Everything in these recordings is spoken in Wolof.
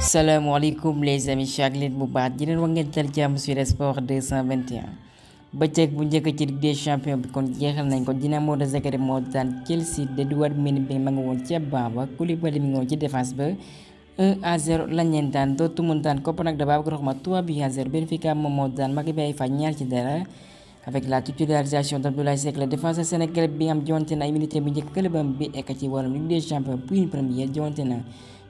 salaamaaleykum les amis chaque leen bu baat di leen wax ngeen dal jàmm Sport 221 bëccëg bu njëkk ci Ligue des champions bi kon jeexal nañ ko Dinamo de Zagreb moo daan Chelsea de Edouard Mendy bi ma nga woon ca banc ba Koulibaly mi nga woon ci défense ba 1 à 0 lañ leen daan Dortmund daan Copenhague de Babacar Rahma 3 buts 0 Benfica daan ñaar ci dara avec la titularisation d'Abdoulaye Seck le défenseur sénégalais bi nga xam na ay bi ekk ci wàllum Ligue des champions pour une première na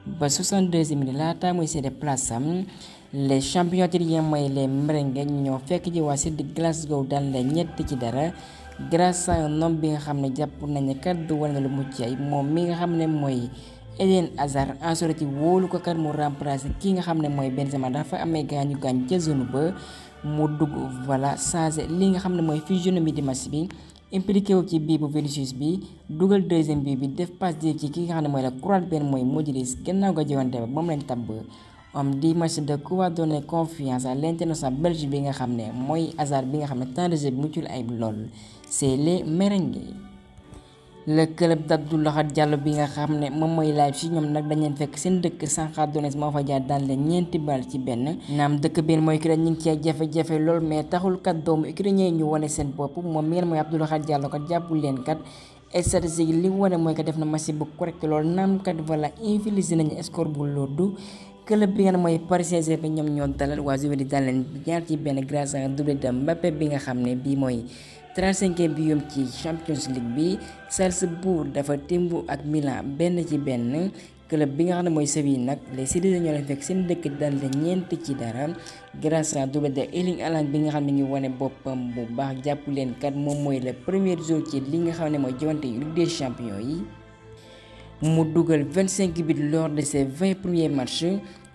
ba 62e minute laata muy seede place am les champions tchadiens mooy les merengues ñoo fekk ji waa Celtic Glasgow daan la ñett ci dara grâce à un bi nga xam ne jàpp nañu kat du wane lu mucc moom mi nga xam ne mooy Eden Hazard assuré ci wóolu ko kat mu remplacé ki nga xam ne mooy Benzema dafa amee gaañu gaañ ca zone ba mu dugg voilà changé li nga xam ne mooy fusion bi di match bi. impliqué wu ci bii bu Vinicius bi dugal deuxième bii bi def pas di ci ki nga xam ne la Croate-Benn mooy Modric gannaaw nga jiwante ba moom lañ tabb homme du match de quoi donner confiance à l'international belge bi nga xam ne mooy Hazard bi nga xam ne temps de jeu bi muccul ayib lool c'est les merengues le club d'Abdou Lahad jàll bi nga xam ne moom mooy live si ñoom nag dañ leen fekk seen dëkk Sankhadounès moo fa jaar daan leen ñeenti bal ci benn naam dëkk benn mooy Ukraine ñu ngi cee jafe-jafe lool mais taxul kat doomu ukrainien ñu wane seen bopp moom mi ngeen mooy Abdou Lahad Diallo kat jàppul leen kat statistique li wane mooy kat def na match bu correct lool naam kat voilà infligé nañu score bu loddu club bi nga mooy Paris Saint-Germain ñoom ñoo dalal waa Juventus daan leen ñaar ci benn grâce à doublé de Mbappé bi nga xam ne bii mooy 35e biyom ci Champions League bi Salzbourg dafa timbu ak Milan benn ci benn club bi nga xam ne mooy les Citizens dañoo leen fekk seen dëkk de la ñeent ci dara grâce à double de Erling Haaland bi nga xam ne ngi wane boppam bu baax jàpp leen kat moom mooy le premier jour ci li nga xam ne mooy yu des Champions yi mu dugal 25 buts lors de ses 20 premiers matchs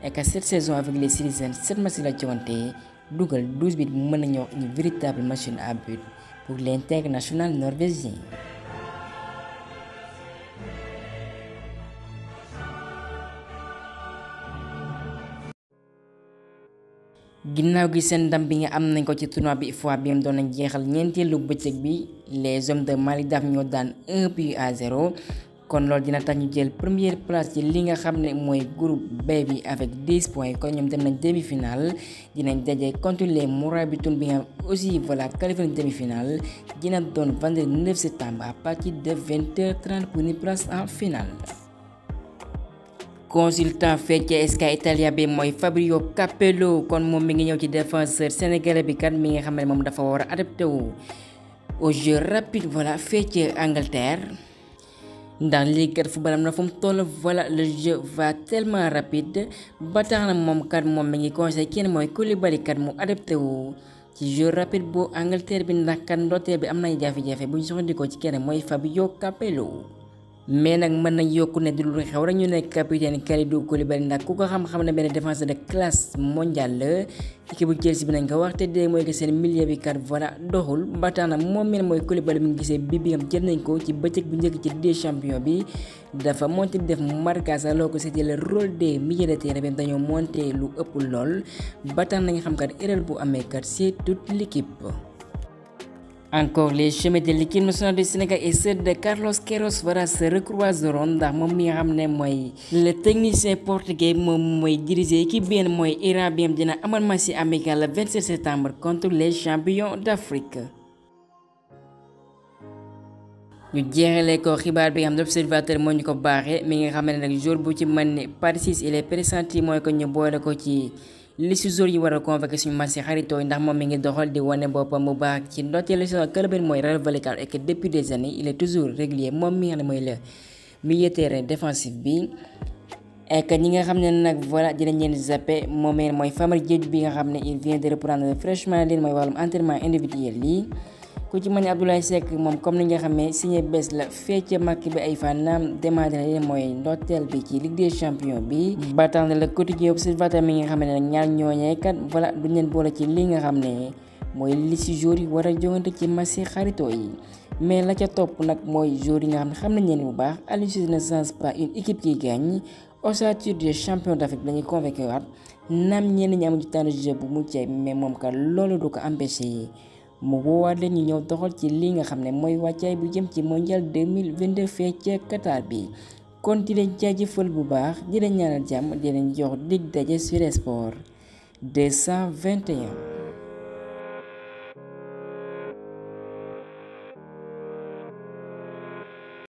et que cette saison avec les Citizens 7 matchs la jogante dugal 12 buts mën une véritable machine à but pour l'international norvégien. ginnaaw gi seen ndam bi nga am nañ ko ci tournoi bi fois bi mu doon jeexal ñeenteelu bëccëg bi les hommes de Mali daf ñoo daan 1 but à 0 kon loolu dina tax ñu jël première place ci li nga xam ne mooy groupe B bi avec 10 points kon ñoom dem nañ demi finale dinañ daje contre les Mourabitoun bi nga aussi voilà qualifié demi finale dina doon vendredi 9 septembre à partir de 20h30 pour une place en finale. consultant fecce Sky Italia bi mooy Fabio Capello kon moom mi ngi ñëw ci défenseur sénégalais bi kat mi nga xam ne moom dafa war a adapté wu au jeu rapide voilà fecce Angleterre. ndax lii kat fu balam na fu mu toll voilà le jeu va tellement rapide ba tax na moom kat moom mi ngi conseillé kenn mooy Koulibaly kat mu adapté wu ci jeu rapide bu Angleterre bi ndax kat ndoorteel bi am na jafe-jafe bu ñu soxla di ci kenn mooy Fabio Capello. mais nag mën nañ yokku ne di lu xew rek ñu ne capitaine Kalidou Koulibaly ndax ku ko xam-xam ne benn défenseur de classe mondiale la équipe bu Chelsea bi nañ ko wax te mooy que seen milieu bi kat voilà doxul ba tax moom mel mooy Koulibaly mu ngi gisee bi bi nga jël nañ ko ci bëccëg bu njëkk ci des champion bi dafa monté def marquage alors que c'était le rôle des milieux de terrain bi dañoo monté lu ëpp lool ba tax na nga xam kat erreur bu amee kat c'est toute l'équipe encore les chemins de l'équipe nationale du Sénégal et ceux de Carlos Queiroz Vara se recroiseront dans mon mi le technicien portugais moom mooy diriger équipe bien moi ira bien dina amal match amical le 27 septembre contre les champions d'Afrique. ñu avons ko xibaar bi nga xam ne l'observateur moo ñu ko baaxee mi nga ne nag jour bu ci mën ne Paris il est le mooy ko ñu boole ko ci li si jour yi war a convoqué suñu match xaritooy ndax moom mi ngi doxal di wane boppam bu baax ci ndorteelu saison club mooy Rayo Vallecano et que depuis des années il est toujours régulier moom mi nga mooy le milieu terrain défensif bi. et que ñi nga xam ne nag voilà dinañ leen zappé moom mooy Famar Diédhiou bi nga xam ne il vient de reprendre fraîchement leen mooy wàllum entraînement individuel yi ku ci mën Abdoulaye Seck moom comme ni nga xam signé bees la feecca màkk bi ay fan naam démarré la mooy ndorteel bi ci Ligue des champions bi ba tax na la quotidien observateur mi nga xam ne nag ñaar ñooñee kat voilà duñ leen boole ci li nga xam ne mooy li si jour yi war a jongante ci match xaritoo yi mais la ca topp nag mooy jour yi nga xam ne xam nañ bu baax Aliou Cissé ne change pas une équipe qui gagne ossature des champions d'Afrique la ñuy convoqué waat naam ñenn ñi amuñu temps de jeu bu mucc mais moom kat loolu du ko empêché mu woowaat leen ñu ñëw doxal ci li nga xam ne mooy wàccaay bu jëm ci mondial 2022 fee ca Qatar bi kon di leen jaajëfal bu baax di leen ñaanal jàmm di leen jox dig daje sur sport 221